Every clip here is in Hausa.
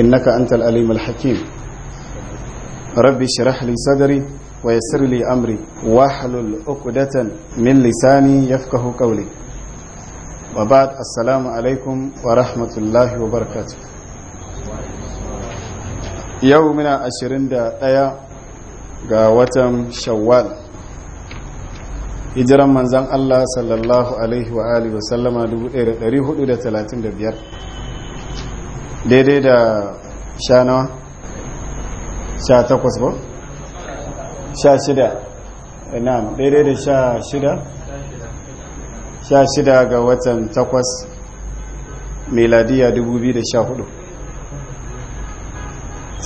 innaka antal alimul hakim rabbi shrah li amri wa yassir li amri wa hlul uqdatan min lisani yafqahu qawli wa ba'd barkatu. Yau wa ashirin da ɗaya ga watan shawwal hijiran manzan Allah sallallahu alaihi wa da wa da biyar. daidai da sha nawa sha takwas ba sha shida na'am daidai da sha shida sha shida ga watan takwas meladiya 2014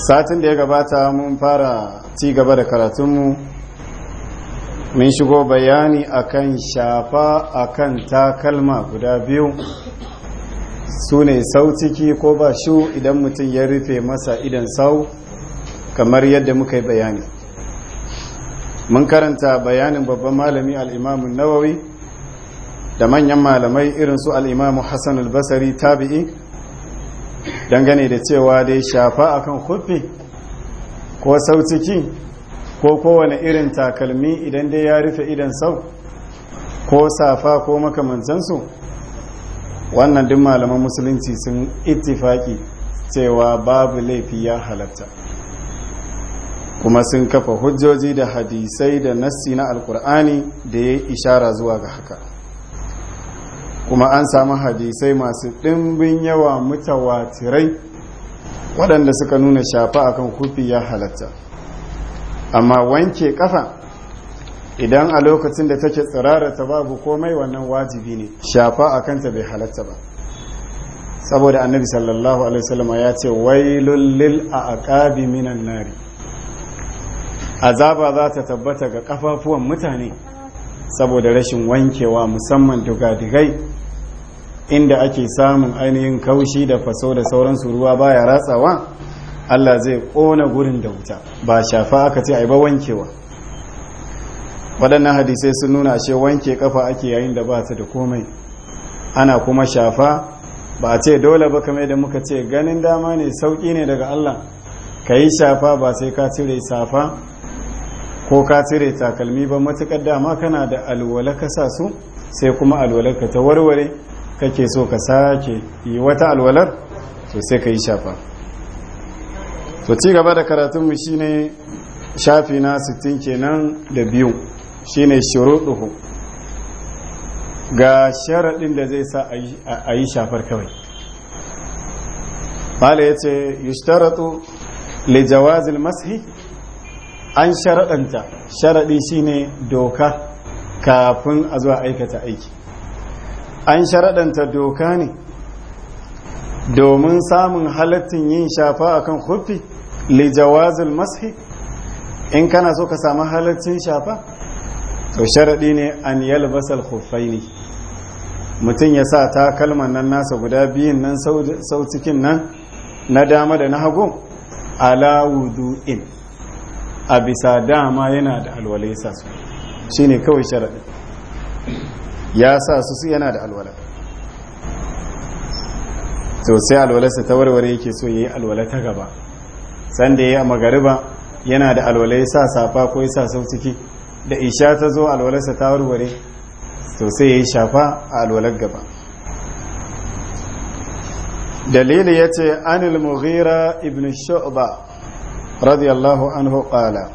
satin da ya gabata mun fara ci gaba da karatunmu mun shigo bayani akan shafa akan takalma guda biyu su ne sau ciki ko ba shi idan mutum ya rufe masa idan sau kamar yadda muka yi bayani mun karanta bayanin babban malami al’imamu nawawi da manyan malamai irin su al'imamu hassan albasari tabi'i dangane da cewa dai shafa akan kufi ko sau ciki ko kowane irin takalmi idan dai ya rufe idan sau ko safa ko makamantansu wannan duk malaman musulunci sun ittifaki cewa babu laifi ya halatta kuma sun kafa hujjoji da hadisai da nassi na alkur'ani da ya ishara zuwa ga haka kuma an samu hadisai masu ɗimbin yawa mutawatirai waɗanda suka nuna shafa akan kufi ya halatta amma wanke ƙafa. idan a lokacin da take tsirara ta babu komai wannan wajibi ne shafa a kanta bai halatta ba saboda annabi sallallahu alaihi wasallam ya ce wailul lil aqabi minan nari azaba za ta tabbata ga kafafuwan mutane saboda rashin wankewa musamman diga-digai, inda ake samun ainihin kaushi da faso da sauransu ruwa baya ratsawa Allah zai kona gurin da wuta ba shafa aka ce ai ba wankewa waɗannan hadisai sun nuna ashe wanke kafa ake yayin da ba ta da komai ana kuma shafa ba a ce dole ba kamar da muka ce ganin dama ne sauƙi ne daga Allah ka yi shafa ba sai ka cire safa ko ka cire takalmi ba matuƙar dama kana da alwala ka sa su sai kuma alwalar ka ta warware kake so ka sake yi wata alwalar to sai ka yi shafa to ci gaba da karatunmu shine shafi na 60 kenan da biyu Shi ne shuruɗuhu ga sharaɗin da zai sa a yi shafar kawai mala ya ce yushtaratu le jawazin mashi an sharaɗanta sharaɗi ne doka kafin a zuwa aikata aiki an sharaɗanta doka ne domin samun halittin yin shafa akan huffi li jawazin mashi in kana so ka samu halittin shafa to sharaɗi ne an yalbasal khuffaini mutum ya sa takalman nan nasa guda biyun nan sautikin nan na dama da na hagu ala wudu'in a bisa dama yana da alwala sa su shine kawai sharaɗi ya sa su su yana da alwala to sai alwalarsa ta warware yake so ya yi alwala ta gaba sanda ya yi a magariba yana da alwala sa safa ko ya sa sautiki da isha ta zo alwalarsa ta warware to sai ya yi shafa a alwalar gaba dalili ya ce anil mughira ibn shu'ba radiyallahu anhu qala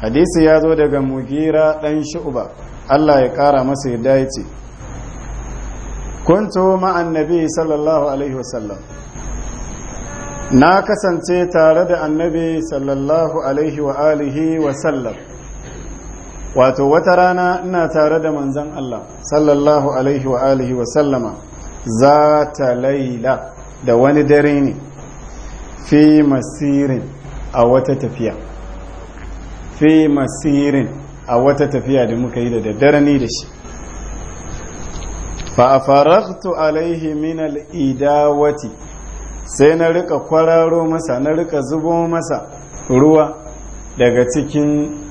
hadisi ya zo daga mughira ɗan shu'ba Allah ya kara masa yadda ya ce kuntu ma'an nabi sallallahu alaihi wasallam na kasance tare da annabi sallallahu alaihi wa alihi wa sallam wato wata rana ina tare da manzan Allah sallallahu alaihi wa alihi wa sallama za ta laila da wani dare ne fi masirin a wata tafiya fi masirin a wata tafiya da muka yi da daddare ni da shi fa'afarartu alaihi min al'idawati sai na rika kwararo masa na rika zubo masa ruwa daga cikin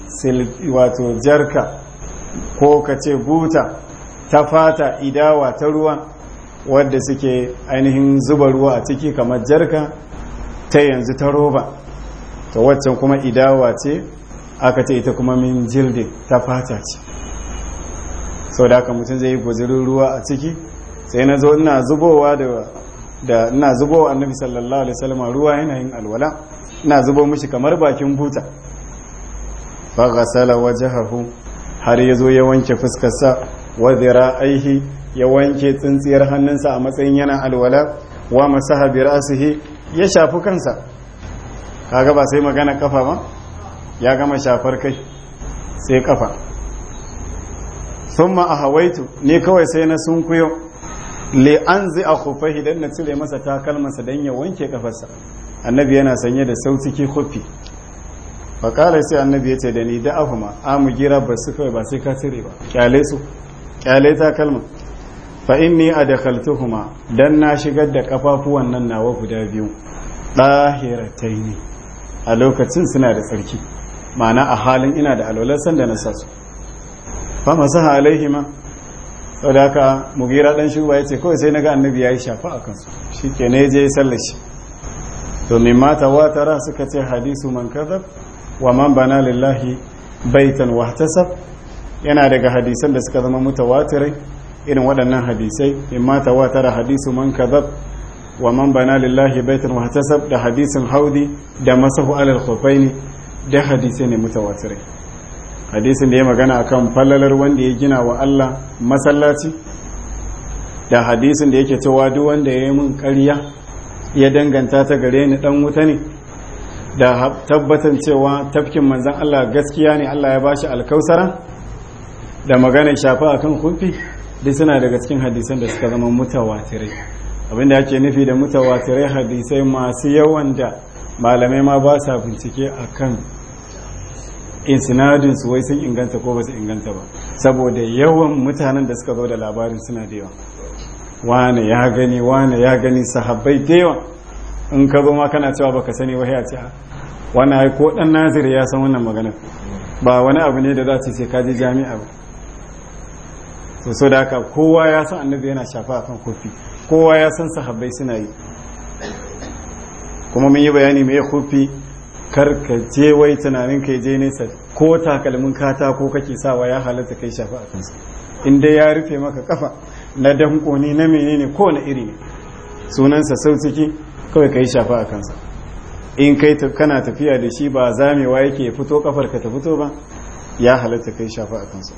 wato jarka ko ka ce buta ta fata idawa ta ruwa wadda suke ainihin zuba ruwa a ciki kamar jarka ta yanzu ta roba ta waccan kuma idawa ce aka ce ita kuma min jildin ta fata ce sau da aka mutum zai yi guzirin ruwa a ciki sai na zo ina zubowa da ina zubowa annabi sallallahu alaihi wasallam ruwa yanayin alwala ina zubo mishi kamar bakin buta fa waje wajhahu har yazo ya wanke fuskarsa wa dhira'aihi ya wanke tsintsiyar hannunsa a matsayin yana alwala wa masaha bi ra'sihi ya shafi kansa kaga ba sai magana kafa ba ya gama shafar kai sai kafa thumma ahawaitu ne kawai sai na sunkuyo le an zai a kufa na cire masa takalmansa dan ya wanke kafarsa annabi yana sanye da sautiki kufi faƙala sai annabi ya ce da ni da'ahuma amu gira ba su kawai ba sai ka cire ba kyale su kyale ta kalma fa inni adkhaltuhuma dan na shigar da kafafuwan nan nawa guda biyu ne a lokacin suna da tsarki ma'ana a halin ina da alwalar sanda na sasu fa masaha alaihima saboda mugira dan shuba yace kawai sai naga annabi yayi shafa a kansu shike ne je sallar shi to mimma tawatara suka ce hadisu man kadhab wa man bana lillahi baitan wahtasab yana daga hadisan da suka zama mutawatirai irin waɗannan hadisai imma tawatara hadisu man kadab wa man bana lillahi baitan wahtasab da hadisin haudi da masahu alal khufaini da hadisai ne mutawatirai hadisin da ya magana akan fallalar wanda ya gina wa Allah masallaci da hadisin da yake cewa duk wanda ya yi mun ƙarya ya danganta ta gare ni dan wuta ne da tabbatan cewa tafkin manzan Allah gaskiya ne Allah ya bashi alkausara da magana shafa akan kufi duk suna daga cikin hadisan da suka zama mutawatirai abinda yake nufi da mutawatirai hadisai masu yawan da malamai ma ba sa bincike akan insinadin su wai sun inganta ko ba su inganta ba saboda yawan mutanen da suka zo da labarin suna da yawa wane ya gani wane ya gani sahabbai da yawa in ka zo ma kana cewa baka sani wai a ce ah, wani ai ko dan naziri ya san wannan magana ba wani abu ne da za ce sai ka je jami'a ba to so da haka kowa ya san annabi yana shafa akan kofi kowa ya san sahabbai suna yi kuma mun yi bayani mai kofi kar ka je wai tunanin ka je nesa ko takalmin katako kake sawa ya halatta kai shafa akan kansa in dai ya rufe maka kafa na danko ne na menene ko na iri ne sunansa sau ciki kawai ka yi shafa a kansa in kai kana tafiya da shi ba zamewa yake fito kafar ka ta fito ba ya halatta ka yi shafa a kansa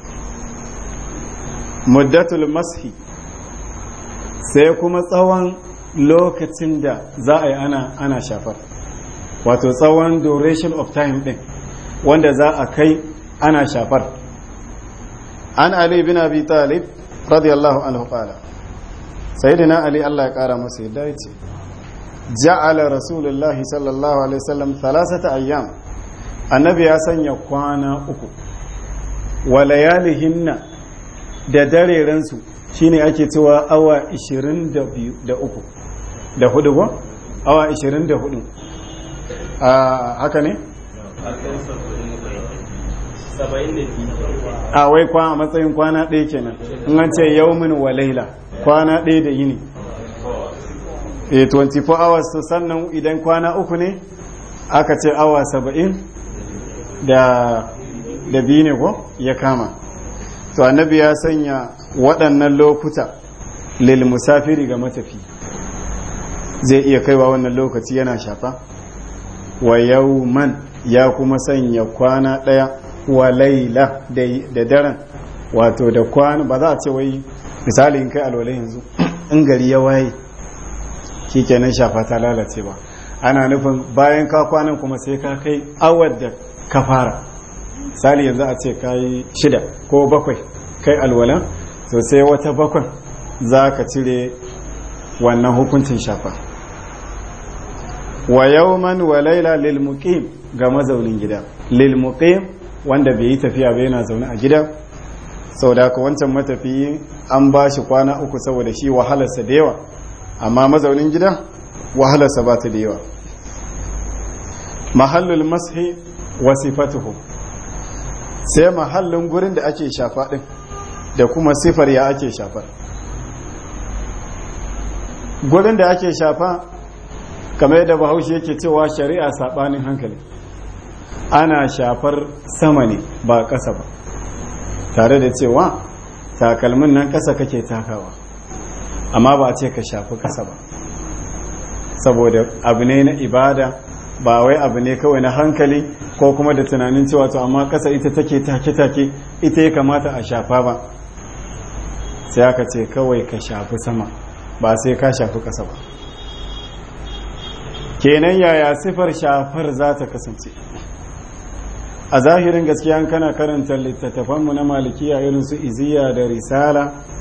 muddatul mashi sai kuma tsawon lokacin da za a yi ana ana shafar wato tsawon duration of time din wanda za a kai ana shafar an ali bin abi talib radiyallahu anhu qala sayyidina ali Allah ya kara masa yadda yace ja'ala rasulullahi sallallahu alaihi wasallam thalathata ayyam annabi ya sanya kwana uku wa layalihinna da dareren su shine ake cewa awa 22 da da uku hudu ba awa 24 a haka ne a wai kwana matsayin kwana ɗaya kenan in an ce yaumin wa laila kwana ɗaya da yini e eh, 24 hours sannan idan kwana uku ne aka ce awa 70 da da biyu ne ko ya kama to annabi ya sanya waɗannan lokuta lil musafiri ga matafi zai iya kaiwa wannan lokaci yana shafa wa man ya kuma sanya kwana ɗaya wa laila da daren wato da kwana ba za a ce wai misali in kai alwala yanzu in gari ya waye kenan shafa ta lalace ba ana nufin bayan ka kwana kuma sai ka kai awar da ka fara sali yanzu a ce ka yi shida ko bakwai kai alwalan to sai wata bakwai za ka cire wannan hukuncin shafa wa yau man wa laila lil ga mazaunin gida lilmuƙe wanda bai yi tafiya ba yana zaune a gida sau da ka wancan matafiyi an ba shi kwana uku saboda shi wahalarsa da yawa amma mazaunin gida wahalarsa ba ta da yawa mahallul mashi wasifatuhu sai mahallin gurin da ake shafa din da kuma sifar ya ake shafa gurin da ake shafa kamar yadda bahaushe yake cewa shari'a sabanin hankali ana shafar sama ne ba ƙasa ba tare da cewa takalmin nan ƙasa kake takawa amma ba a ce ka shafi kasa ba saboda abu ne na ibada ba wai abu ne kawai na hankali ko kuma da tunanin cewa to amma kasa ita take take-take ita ya kamata a shafa ba sai aka ce kawai ka shafi sama ba sai ka shafi kasa ba kenan yaya sifar shafar za ta kasance a zahirin gaskiya kana karanta littattafanmu na malikiya irin su iziya da risala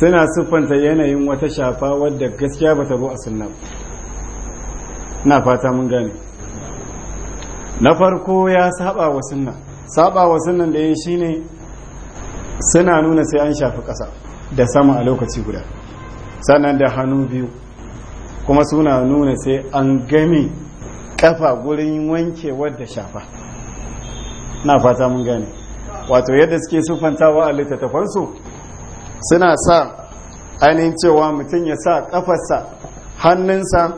suna siffanta yanayin wata shafa wadda gaskiya ba ta zo a sunna na fata mun gane na farko ya saba wa sunna saba wa sunnan da ya shi ne suna nuna sai an shafi ƙasa da sama a lokaci guda sannan da hannu biyu kuma suna nuna sai an gami kafa gurin wanke wadda shafa na fata mun gane wato yadda suke sufantawa a littattafansu suna sa ainihin cewa mutum ya sa kafarsa hannunsa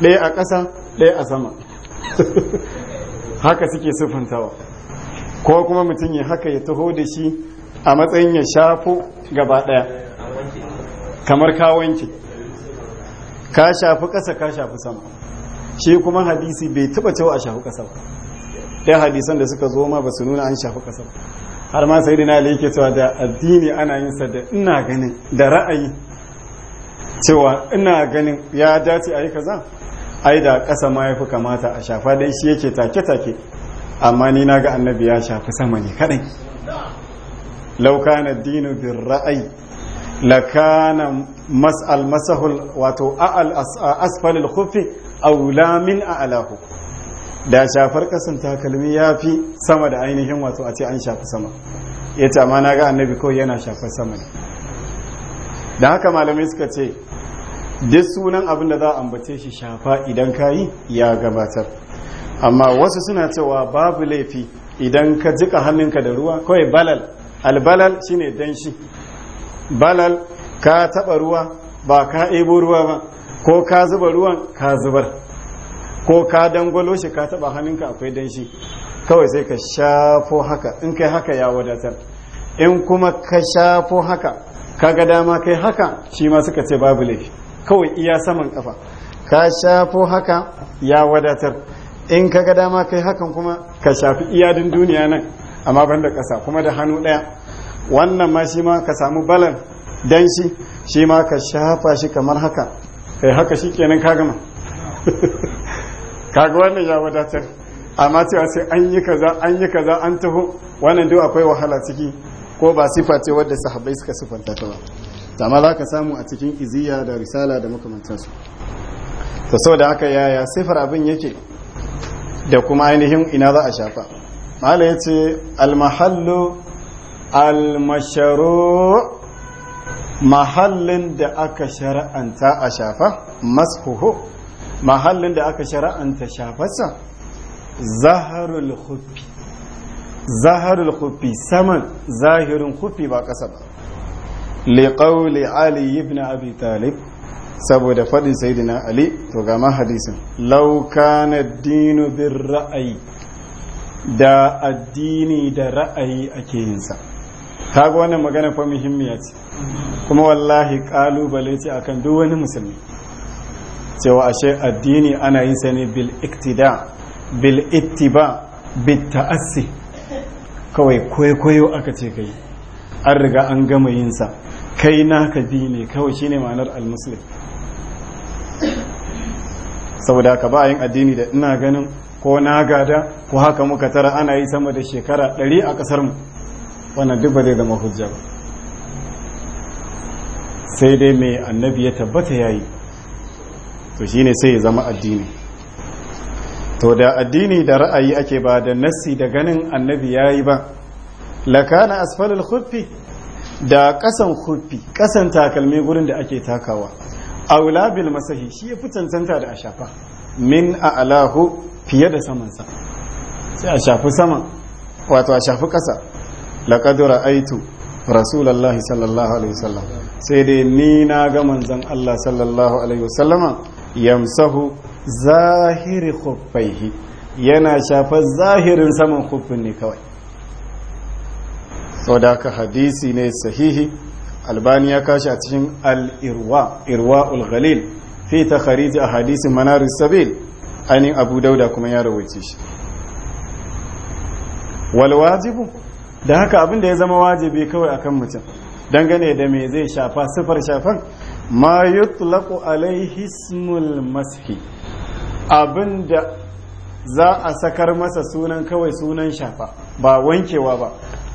ɗaya a ƙasa ɗaya a sama haka suke sufuntawa ko kuma mutum ya haka ya taho da shi a matsayin ya shafo gaba ɗaya kamar ka wanke ka shafi ƙasa ka shafi sama shi kuma hadisi bai taɓa cewa a shafi ƙasa ba ɗaya hadisan da suka zo ma ba su nuna an shafi ƙasa ba har ma sai dina ali yake cewa da addini ana yin sa da ina ganin da ra'ayi cewa ina ganin ya dace a yi kaza ai da ƙasa ma ya fi kamata a shafa dai shi yake take-take amma ni na ga annabi ya shafi sama ne kaɗai laukana dinu bin ra'ayi lakana mas'al masahul wato asfalil hufi aula min alahu. da shafar kasan takalmi ya fi sama da ainihin wato a ce an shafi sama ya ce amma na ga annabi kawai yana shafar sama ne da haka malamai suka ce duk sunan abin da za a ambace shi shafa idan ka yi ya gabatar amma wasu suna cewa babu laifi idan ka jika hannunka da ruwa kawai balal albalal shine danshi balal ka taba ruwa ba ka ebo ruwa ba ko ka zuba ruwan ka zubar ko ka dangwalo shi ka taba hannunka akwai danshi kawai sai ka shafo haka in kai haka ya wadatar in kuma ka shafo haka kaga dama kai haka shi ma suka ce babu laifi kawai iya saman kafa ka shafo haka ya wadatar in kaga dama kai hakan kuma ka shafi iyadin duniya nan amma da ƙasa kuma da hannu ɗaya wannan ma shi ma ka samu balan danshi shi shi ma ka shafa shi kamar haka kai haka shi kenan ka gama kaga wannan ya wadatar amma cewa sai an yi kaza an yi kaza an taho wannan duk akwai wahala ciki ko ba sifa ce wadda sahabbai suka sifanta ta ba amma za ka samu a cikin iziya da risala da su ta sau da aka yaya sifar abin yake da kuma ainihin ina za a shafa mala ya ce almahallu almasharo mahallin da aka shara'anta a shafa mashuhu mahallin da aka shara'anta shafarsa zaharul hufi, zaharul hufi saman zahirin hufi ba kasa ba liƙauli ali ibn abi talib saboda faɗin sayidina ali to ga ma hadisin lauka na dinu bin ra'ayi da addini da ra'ayi ake yinsa kaga wannan magana fa muhimmiya ce kuma wallahi ƙalubale ce akan duk wani musulmi cewa ashe addini ana yin sa ne bil iktida bil ittiba bil ta'assi kawai kwaikwayo aka ce kai an riga an gama yin sa kai naka bi ne kawai shine ma'anar almuslim saboda ka ba yin addini da ina ganin ko na gada ko haka muka tara ana yi sama da shekara ɗari a kasar mu wannan duk ba zai zama hujja ba sai dai mai annabi ya tabbata yayi to shi ne sai ya zama addini to da addini da ra'ayi ake ba da nassi da ganin annabi ya yi ba lakana asfalul khuffi da kasan khuffi kasan takalmi gurin da ake takawa aula bil masahi shi ya fi cancanta da ashafa min a alahu fiye da samansa sai a shafi saman wato a shafi kasa laqad ra'aitu rasulullahi sallallahu alaihi wasallam sai dai ni na ga manzon Allah sallallahu alaihi wasallama yamsahu zahiri khuffaihi yana shafar zahirin saman khuffin ne kawai sau da hadisi ne sahihi albani ya kashi a cikin al-irwa irwa ul-ghalil fi ta khariji a hadisin manarin sabil ainihin abu dauda kuma ya rawaice shi walwajibu da haka abin da ya zama wajibi kawai akan mutum dangane da me zai shafa siffar shafan ma yutlaqu alaihi ismul mashi abinda za a sakar masa sunan kawai sunan shafa ba wankewa ba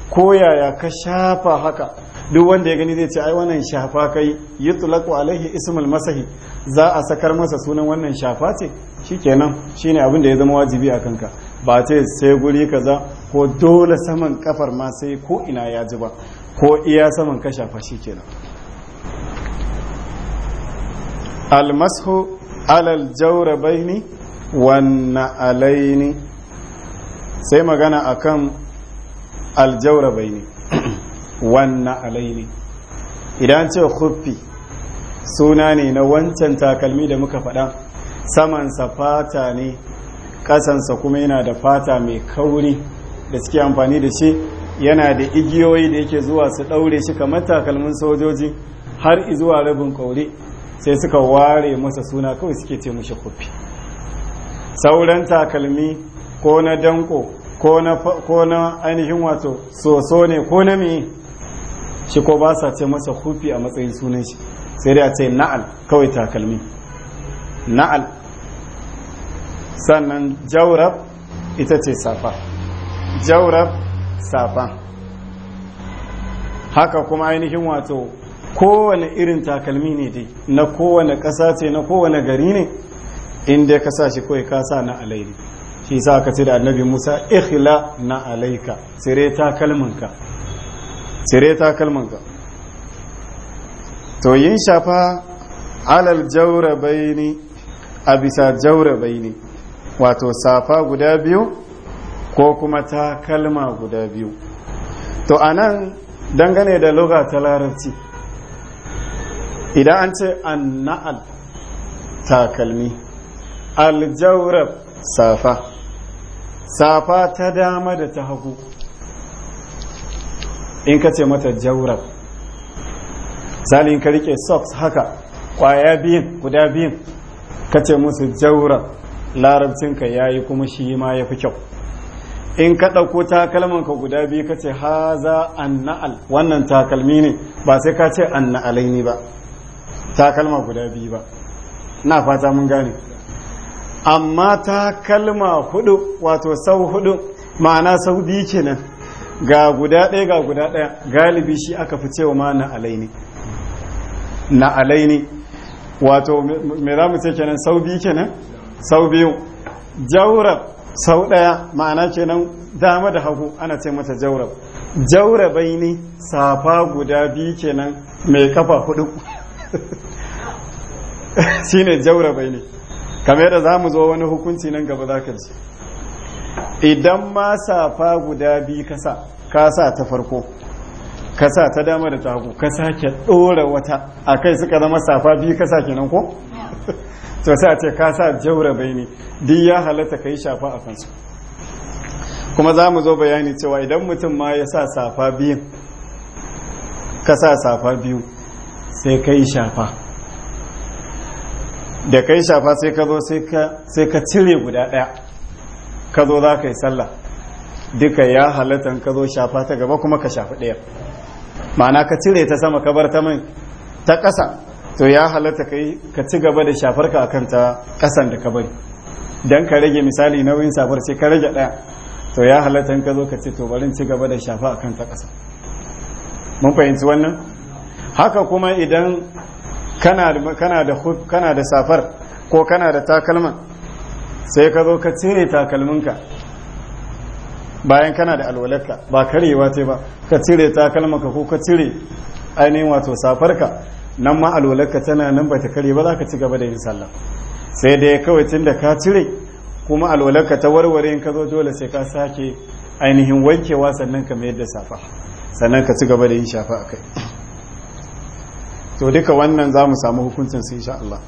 ko yaya ka shafa haka duk wanda ya gani zai ce ai wannan shafa kai yutlaqu alaihi ismul masahi za a sakar masa sunan wannan shafa ce shikenan shine abin da ya zama wajibi a kanka ba ce sai guri kaza ko dole saman kafar ma sai ko ina ya ji ba ko iya saman ka shafa shi shikenan almashu alal jawrabaini alai alaini sai magana a kan akan aljawrabaini alai alaini idan ce khuffi suna ne na wancan takalmi da muka faɗa samansa fata ne ƙasansa kuma yana da fata mai kauri da suke amfani da shi yana da igiyoyi da yake zuwa su ɗaure shi kamar takalmin sojoji har izuwa rabin kauri sai suka ware masa suna kawai suke ce mushi kufi sauran takalmi ko na danko ko na ainihin wato soso ne ko na me shi ko ba sa ce masa kufi a matsayin sunan shi sai dai a ce na'al kawai takalmi na'al sannan jaurab ita ce safa jaurab safa haka kuma ainihin wato kowane irin takalmi ne dai na kowane ƙasa ce na kowane gari ne inda ka sa shi kawai ka sa na alaini shi sa ka ce da annabi musa ikhla na alaika tsire takalminka tsire takalminka to yin shafa alal ne a bisa ne, wato safa guda biyu ko kuma takalma guda biyu to anan dangane da loga ta larabci idan an ce an na'al takalmi aljawrab safa safa ta dama da ta hagu in ka ce mata jawrab misali in ka rike socks haka kwaya biyun guda biyun ka ce musu jawrab larabcinka ya yi kuma shi ma ya fi kyau in ka ɗauko takalmanka guda biyu ka ce haza na'al, wannan takalmi ne ba sai ka ce an anna'alai ne ba takalma guda biyu ba na fata mun gane amma takalma hudu wato sau hudu ma'ana sau biyu kenan ga guda ɗaya ga guda ɗaya galibi shi aka fi cewa ma na alaini na alaini wato me za mu ce kenan sau biyu kenan sau biyu jaurab sau ɗaya ma'ana kenan dama da hagu ana ce mata jaurab jaurabai ne safa guda biyu kenan mai kafa hudu shine jaurabai ne kamar yadda za mu zo wani hukunci nan gaba za ka ji idan ma safa guda biyu kasa kasa ta farko kasa ta dama da tagu ka ke ɗora wata a kai suka zama safa biyu kasa kenan ko to sai a ce kasa jaurabai ne duk ya halatta ka yi shafa a kansu kuma za mu zo bayani cewa idan mutum ma ya sa safa biyun ka sa safa biyu sai ka yi shafa da ka yi shafa sai ka zo sai ka cire guda ɗaya ka zo za ka yi sallah duka ya halatta ka zo shafa ta gaba kuma ka shafi ɗaya ma'ana ka cire ta sama ka bar ta mai ta ƙasa to ya halatta yi ka ci gaba da shafarka akan ta ƙasan da ka bari don ka rage misali nauyin safar sai ka rage ɗaya to ya halatta ka zo ka ci to barin ci gaba da shafa akan ta ƙasa mun fahimci wannan haka kuma idan kana da safar ko kana da takalma sai ka zo ka cire takalminka bayan kana da alwalarka ba karewa ce ba ka cire takalmanka ko ka cire ainihin wato safarka nan ma alwalarka tana nan ba ta kare ba za ka ci gaba da yin sallah sai dai kawai tun da ka cire kuma alwalarka ta warware in ka zo dole sai ka sake ainihin wankewa sannan ka mayar da safa sannan ka ci gaba da yin shafa a kai to duka wannan za mu samu hukuncin su insha Allah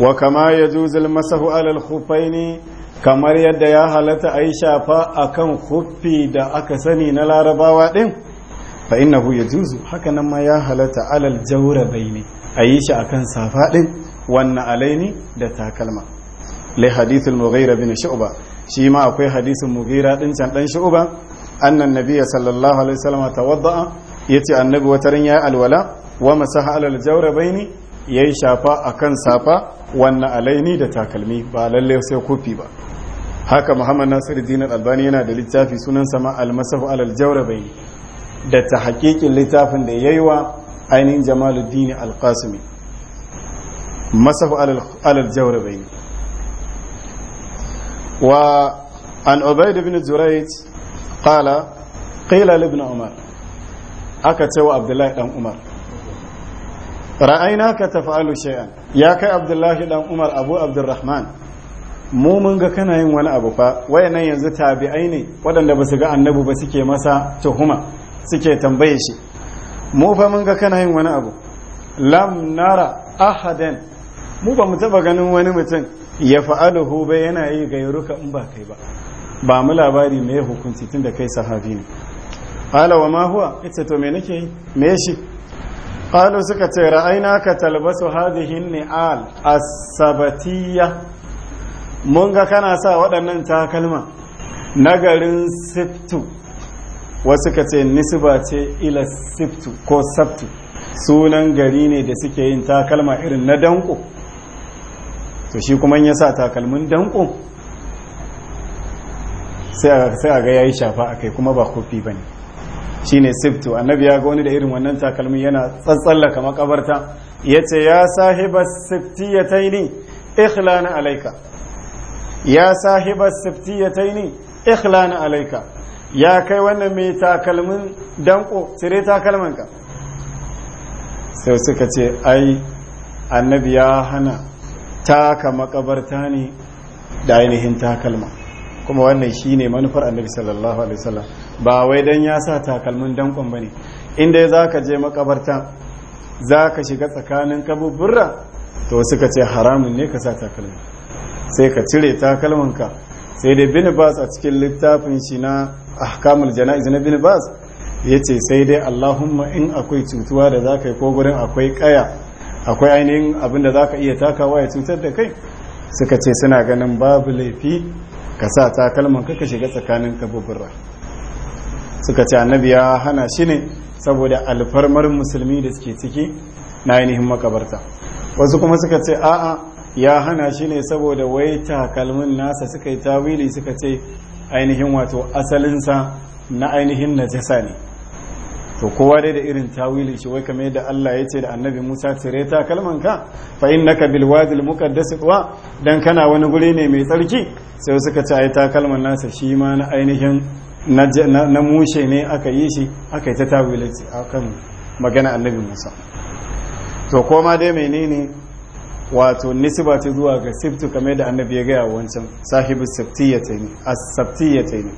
wa kama ya juzul masahu alal khufaini kamar yadda ya halatta a yi shafa a kan khuffi da aka sani na larabawa ɗin fa innahu ya juzu haka nan ma ya halatta alal jaurabai ne a yi shi a kan safa ɗin wannan alaini da takalma lai hadithul mughira bin shu'ba shi ma akwai hadisin mughira ɗin can ɗan shu'ba annan nabiya sallallahu alaihi wasallam tawadda'a ya ce annabi wataran ya alwala wa masaha alal jawrabaini ya shafa akan kan safa wannan alaini da takalmi ba lalle sai kofi ba haka muhammad nasir dinar albani yana da littafi sunan sama almasahu alal jawrabaini da ta hakikin littafin da ya wa ainihin jamaluddin alqasimi masahu alal jawrabaini wa an ubayd ibn jurayj qala qila ibn umar aka ce wa abdullahi dan umar ra'ayina ka tafa'alu shay'an ya kai abdullahi dan umar abu abdurrahman mu mun ga kana yin wani abu fa wayannan yanzu tabi'ai ne waɗanda ba su ga annabi ba suke masa tuhuma suke tambaye shi mu fa mun ga kana yin wani abu lam nara ahadan mu ba mu taba ganin wani mutum ya fa'aluhu bai yana yi gairuka in ba kai ba ba mu labari mai hukunci tun da kai sahabi ne qala wa ma huwa to me nake yi me shi qalu suka ce ra'ayna ka talbasu hadhihi ni'al as-sabatiyya mun ga kana sa waɗannan takalma nagarin siftu wasu ka ce nisba ce ila siftu ko sabtu sunan gari ne da suke yin takalma irin na danko to shi kuma ya sa takalmin danko sai a ga ya yi shafa a kai kuma ba kofi ba ne shine siftu annabi ya ga wani da irin wannan takalmi yana tsatsallaka makabarta yace ya sahiba siftiyataini ikhlana alaika ya sahiba siftiyataini ikhlana alaika ya kai wannan mai takalmin danko cire takalmanka sai suka ce ai annabi ya hana taka makabarta ne da ainihin takalma kuma wannan shine manufar annabi sallallahu alaihi wasallam ba wai dan ya sa takalmin dankon bane inda za ka je makabarta za ka shiga tsakanin kabuburra to suka ce haramun ne ka sa takalmi sai ka cire ka sai dai bin bas a cikin littafin shi na ahkamul jana'iz na bin bas ya ce sai dai allahumma in akwai cutuwa da za ka yi ko gurin akwai kaya akwai ainihin abin da za ka iya takawa ya cutar da kai suka ce suna ganin babu laifi ka sa takalman ka shiga tsakanin kabuburra suka ce annabi ya hana shi ne saboda alfarmar musulmi da suke ciki na ainihin makabarta wasu kuma suka ce a'a ya hana shi ne saboda wai takalmin nasa suka yi tawili suka ce ainihin wato asalinsa na ainihin najasa ne to kowa dai da irin tawili shi wai kamar yadda Allah ya ce da annabi Musa cire ta ka fa innaka bil wadi muqaddas wa dan kana wani guri ne mai tsarki sai suka ce ai ta kalman nasa shi ma na ainihin na mushe ne aka yi shi aka yi ta a akan magana annabi musa to koma dai menene wato nisba ta zuwa ga siftu kame da annabi ya gaya wancan sahibu sabtiyata ne ta yi ne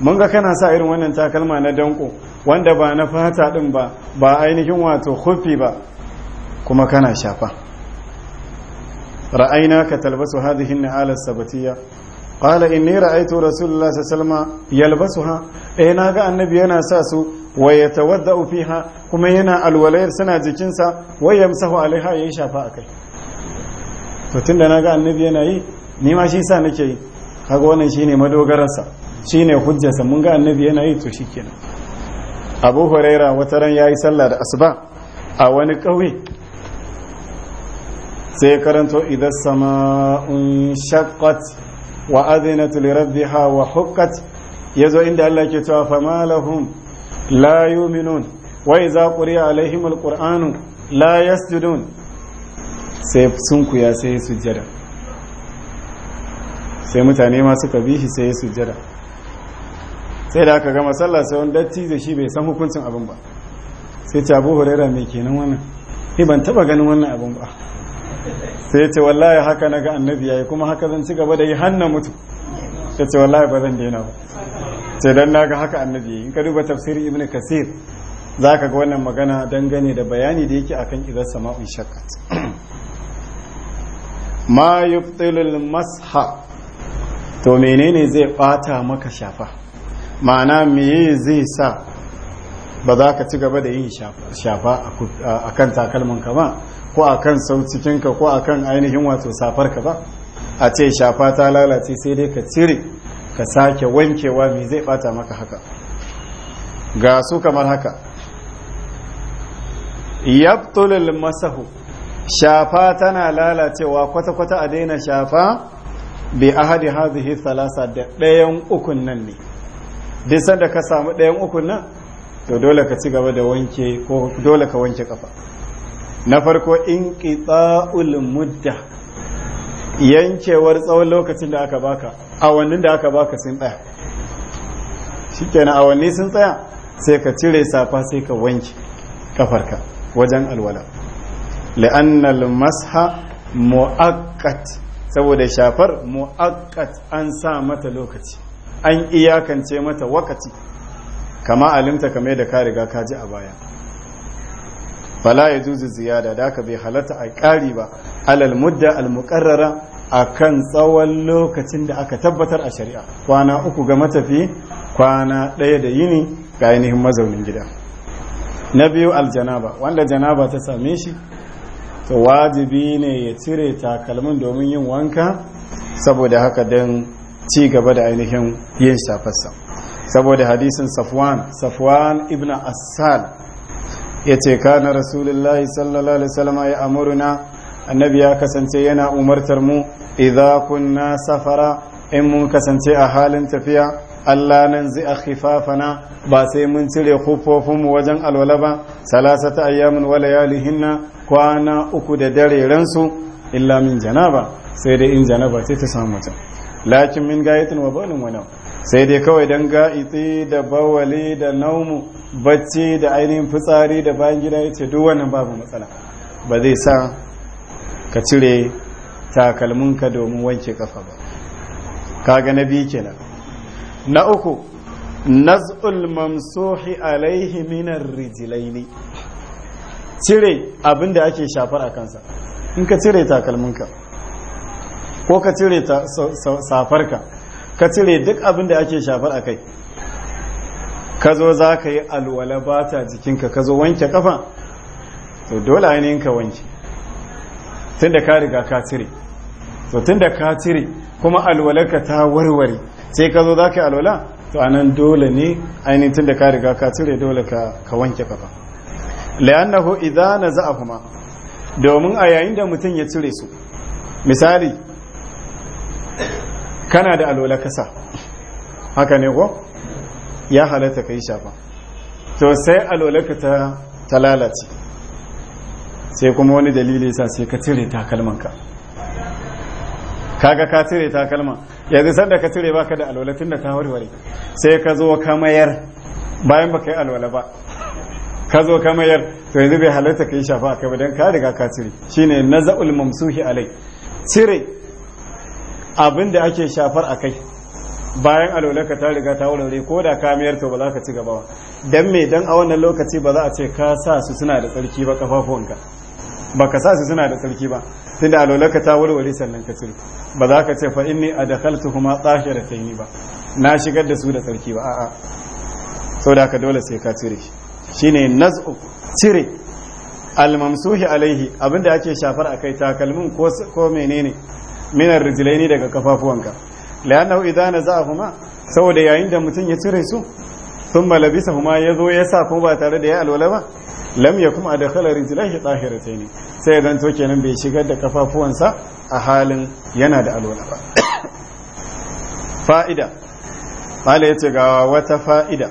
mun ga kana sa irin wannan takalma na danko wanda ba na fata din ba ba ainihin wato hufi ba kuma kana shafa ra'ayna ka talbasu hadihin na alas sabatiyya qala inni ra'aytu rasulullah sallallahu alaihi yalbasuha eh naga annabi yana sa su wa yatawadda'u fiha kuma yana alwalayar suna jikinsa wa yamsahu alaiha yayi shafa akai to tunda naga annabi yana yi ni ma shi sa nake yi kaga wannan shine madogararsa shine hujjansa mun ga annabi yana yi to shikenan abu huraira wata ran yayi sallah da asuba a wani ƙauye sai karanto idan sama'un shaqqat wa azinat li rabbiha wa huqqat yazo inda Allah ke cewa fa malahum la yu'minun wa idza quri'a alaihim alqur'anu la yasjudun sai sun kuya sai sujjada sai mutane ma suka bi shi sai sujjada sai da aka gama sallah sai wani da shi bai san hukuncin abin ba sai ta abu huraira mai kenan wannan ni ban taba ganin wannan abin ba sai ya ce wallahi haka na ga annabi yi kuma haka zan ci gaba da yi hannu mutu ya ce wallahi ba zan daina ba ce don na ga haka annabi yi. in ka duba tafsiri ibn kasir za ka ga wannan magana dangane da bayani da yake akan idan sama'un shakkat ma yubtilul masha to menene zai bata maka shafa ma'ana meye zai sa ba za ka ci gaba da yin shafa a kan takalmin kama ko a kan saucikinka ko a kan ainihin wato safarka ba a ce shafa ta lalace sai dai ka cire ka sake wankewa mai zai bata maka haka ga su kamar haka yabtulul masahu shafa tana lalacewa kwata-kwata a daina shafa bi ahadi hazihi thalasa da ɗayan ukun nan ne duk da ka samu ɗayan ukun nan to dole ka ci gaba da wanke ko dole ka wanke kafa na farko in ƙitsa'ul mudda yankewar tsawon lokacin da aka baka awannin da aka baka sun tsaya shi awanni sun tsaya sai ka cire safa sai ka wanke kafarka wajen alwala la'annal masha mu'akkat saboda shafar mu'akkat an sa mata lokaci an iyakance mata wakati kama alimta kame da ka riga ka ji a baya fala ya juzu ziyada da aka bai halatta a ƙari ba alal mudda al muƙarrara a kan tsawon lokacin da aka tabbatar a shari'a kwana uku ga matafi kwana ɗaya da yini ga ainihin mazaunin gida na biyu aljanaba wanda janaba ta same shi to wajibi ne ya cire takalmin domin yin wanka saboda haka don ci gaba da ainihin yin shafarsa saboda hadisin safwan safwan ibn asal ya ce kana rasulullahi sallallahu alaihi wasallam ya amuruna annabi ya kasance yana umartar mu idza kunna safara in mun kasance a halin tafiya Allah nan zai a khifafana ba sai mun cire kufofinmu wajen alwala ba salasata ayyamin wala yalihinna kwana uku da dare ransu illa min janaba sai dai in janaba sai ta samu ta lakin min gayatin wa balin wa sai dai kawai don ga'itsi da bawali da naumu bacci da ainihin fitsari da bayan gida ya ce wannan babu matsala ba zai sa ka cire takalminka domin wanke kafa ba kaga na biyu kenan na uku naz'ul mamsuhi alaihi minar rijilaini cire abin da ake shafar a kansa in ka cire takalminka ko ka cire safarka ka cire duk abin da ake shafar a kai ka zo za ka yi alwala ba ta jikinka ka zo wanke kafa to dole ainihin ka wanke tun da ka riga ka cire to tun da ka cire kuma alwalarka ta warware sai ka zo za ka yi alwala to anan dole ne ainihin tun da ka riga ka cire dole ka wanke kafa la'annahu idza naza'ahuma domin a yayin da mutum ya cire su misali kana da alola kasa haka ne ko ya halatta ka yi shafa to sai alolaka ta ta lalace sai kuma wani dalili sa sai ka cire takalmanka kaga ka cire takalma yanzu sanda ka cire baka da alolatin tunda ta warware sai ka zo ka mayar bayan baka yi alola ba ka zo ka mayar to yanzu bai halatta ka yi shafa ka ba don ka riga ka cire shine naza'ul mamsuhi alai cire abin da ake shafar a kai bayan alolaka ta riga ta wurare ko da ka mayar to ba za ka ci gaba ba dan me dan a wannan lokaci ba za a ce ka sa su suna da tsarki ba kafafuwanka ba ka sa su suna da tsarki ba da alolaka ta warware sannan ka cire ba za ka ce fa inni ta tahiratayn ba na shigar da su da tsarki ba a'a so da ka dole sai ka cire Shi shine naz'u cire almamsuhi alaihi abinda ake shafar akai takalmin ko menene min arrijlaini daga kafafuwanka la'annahu idza naza'ahuma saboda yayin da mutum ya cire su thumma labisahuma yazo ya sa kuma ba tare da ya alwala ba lam yakum adkhala rijlaihi tahiratayn sai dan to kenan bai shigar da kafafuwansa a halin yana da alwala ba fa'ida mala yace ga wata fa'ida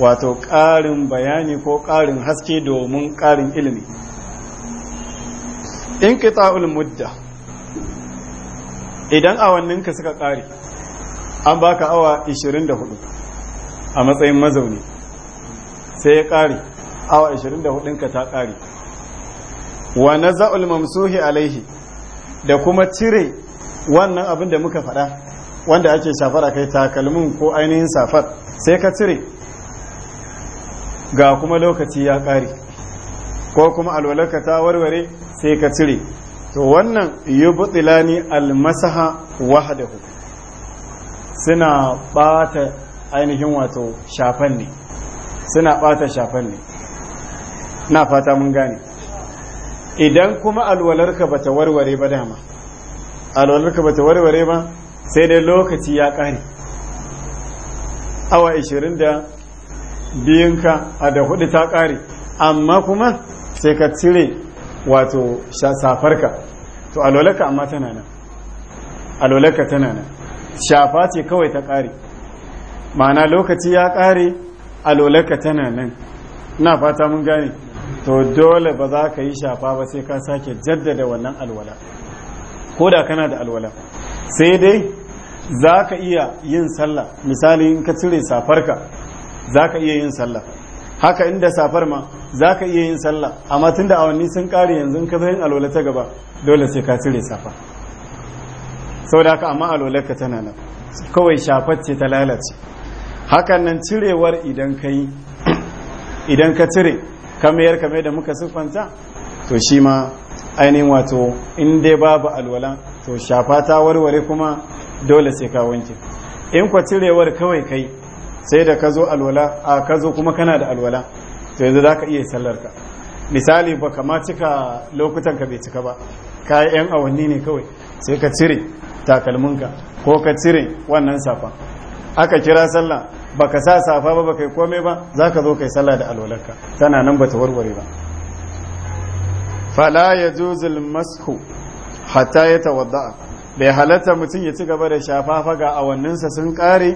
wato ƙarin bayani ko ƙarin haske domin ƙarin ilimi in mudda idan awanninka suka ƙare an baka awa 24 a matsayin mazauni sai ya ƙare awa 24 ta ƙare wa na za'ul mamsuhi alaihi da kuma cire wannan abin da muka faɗa wanda ake shafar a kai takalmin ko ainihin safar sai ka cire ga kuma lokaci ya ƙare ko kuma alwalarka ta warware sai ka cire to wannan yubtilani almasaha wahdahu suna bata ainihin wato shafan ne suna bata shafan ne na fata mun gane idan kuma alwalarka bata warware ba dama alwalarka bata warware ba sai dai lokaci ya kare awa 20 da biyanka a da hudu ta kare amma kuma sai ka cire wato safarka to alolaka amma tana nan alolaka tana nan shafa ce kawai ta ƙare ma'ana lokaci ya ƙare alolaka tana nan na fata mun gane to dole ba za ka yi shafa ba sai ka sake jaddada wannan alwala ko da kana da alwala sai dai za ka iya yin sallah misali in ka cire safarka za ka iya yin sallah haka inda safar ma za ka iya yin sallah amma tun da awanni sun kare yanzu ka zai yin alwala ta gaba dole sai ka cire safa da haka amma ka tana nan kawai shafar ce ta lalace hakan nan cirewar idan ka yi idan ka cire kamar kamar da muka siffanta to shi ma ainihin wato in dai babu alwala to shafa ta warware kuma dole sai ka wanke in kwa cirewar kawai kai sai da ka zo alwala a ka zo kuma kana da alwala to yanzu za ka iya sallar ka misali ba kama cika lokutan ka bai cika ba ka yan awanni ne kawai sai ka cire takalminka ko ka cire wannan safa aka kira sallah ba ka sa safa ba baka yi komai ba za ka zo kai sallah da alwalarka tana nan ba ta warware ba fala ya juzul mashu hatta ya tawadda'a bai halatta mutum ya ci gaba da shafafa ga awanninsa sun kare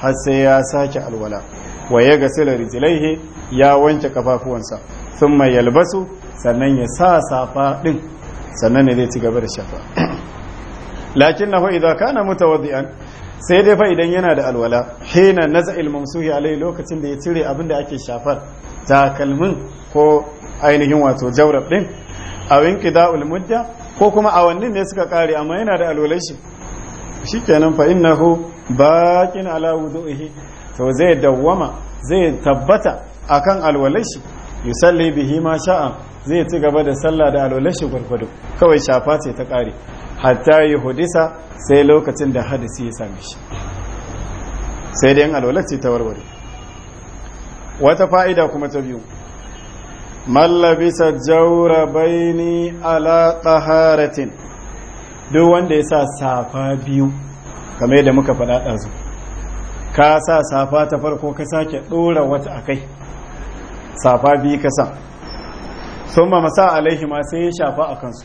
har sai ya sake alwala wa ya gasila rijilaihi ya wanke kafafuwansa thumma yalbasu sannan ya sa safa din sannan ne zai ci gaba da shafa lakin nahu idza kana mutawaddi'an sai dai fa idan yana da alwala hina naz'il mamsuhi alai lokacin da ya cire abin da ake shafar takalmin ko ainihin wato jawrab din a winki da'ul mudda ko kuma awannin ne suka kare amma yana da alwalai shi shikenan fa innahu Baƙin ala wudu'ihi to zai dawwama zai tabbata a akan alwalashi yusalli bihi ma sha'a zai ci gaba da sallah da alwalashi gwargwado kawai shafa ce ta kare hatta yi hudisa sai lokacin da hadisi ya same shi sai dai alwalashi ta warware wata fa'ida kuma ta biyu mallabisa jaura baini ala taharatin duk wanda ya sa safa biyu kamar da muka faɗa ɗansu ka sa safa ta farko ka sake ɗora wata a kai safa biyu ka sa sun ma masa alaihi ma sai ya shafa a kansu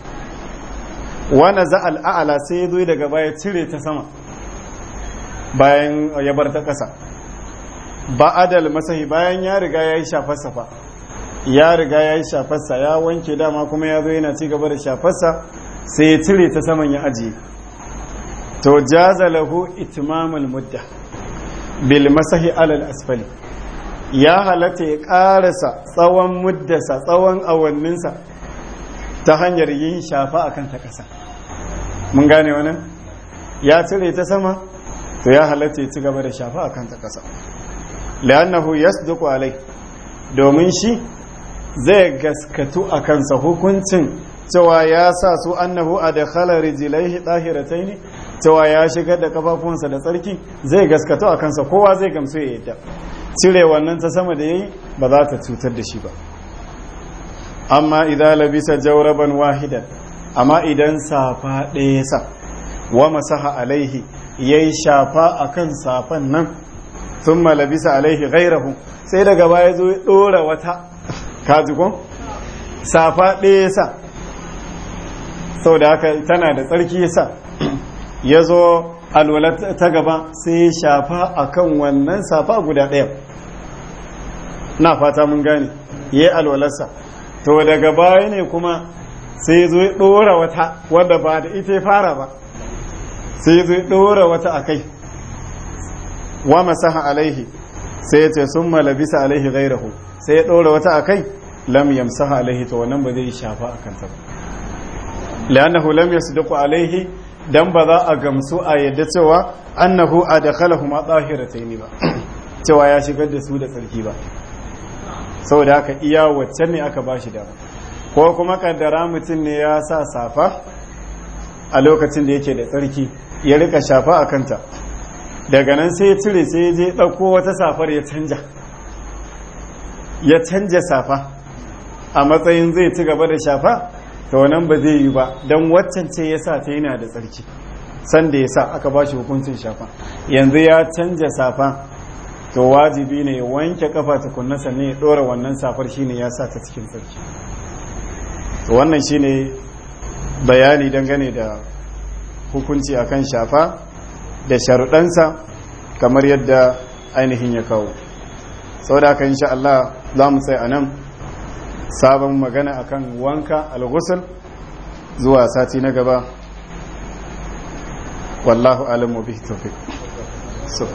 wani za al'a'ala sai ya daga baya cire ta sama bayan ya bar ta ƙasa ba adal masahi bayan ya riga ya yi shafarsa fa ya riga ya yi shafarsa ya wanke dama kuma ya zo yana ci gaba da shafarsa sai ya cire ta saman ya ajiye to jaza lahu itmamul mudda bil masahi alal asfali ya halatta ya karasa tsawon muddasa tsawon awanninsa ta hanyar yin shafa a kan ta ƙasa mun gane wannan ya cire ta sama to ya halatta ya ci gaba da shafa a kan ta ƙasa li'annahu yasduqu alai domin shi zai gaskatu a kansa hukuncin cewa ya sa su annahu adkhala rijlaihi dahirataini cewa ya shigar da kafafunsa da tsarki zai gaskato a kansa kowa zai gamsu ya yadda cire wannan ta sama da yi ba za ta cutar da shi ba amma idan labisa jauraban wahidan amma idan safa ɗaya sa wa masaha alaihi yi shafa akan safan nan thumma labisa alaihi gairahu sai daga baya zo ya dora wata kaji ko safa ɗaya sa sau da haka tana da tsarki sa ya zo alwala ta gaba sai ya shafa a kan wannan safa guda ɗaya na fata mun gane ya yi alwalarsa to daga baya ne kuma sai ya zo ya ɗora wata wadda ba da ita ya fara ba sai ya zo ya ɗora wata a kai wa masaha alaihi sai ya ce sun malabisa alaihi gairahu sai ya ɗora wata a kai lam yamsaha alaihi to wannan ba zai shafa a kansa ba li'annahu lam yasduqu alaihi dan ba za a gamsu a yadda cewa annahu tsahira tahiratayn ba cewa ya shigar da su da tsarki ba saboda haka iya wacce ne aka bashi dama ko kuma kaddara mutum ne ya sa safa a lokacin da yake da tsarki ya rika shafa a kanta daga nan sai ya cire sai ya je ɗauko wata safar ya canja ya canja safa a matsayin zai ci gaba da shafa to wannan ba zai yi ba don waccan ce ya sa ta yana da tsarki sanda ya sa aka ba shi hukuncin shafa yanzu ya canja safa to wajibi ne ya wanke kafa tukunna sannan ya ɗora wannan safar shine ya sa ta cikin tsarki to wannan shine bayani dangane da hukunci akan shafa da sharuɗansa kamar yadda ainihin ya kawo sau da aka insha Allah za mu sai a nan sabon magana akan wanka alghusl zuwa sati na gaba wallahu alamu bihi tawfiq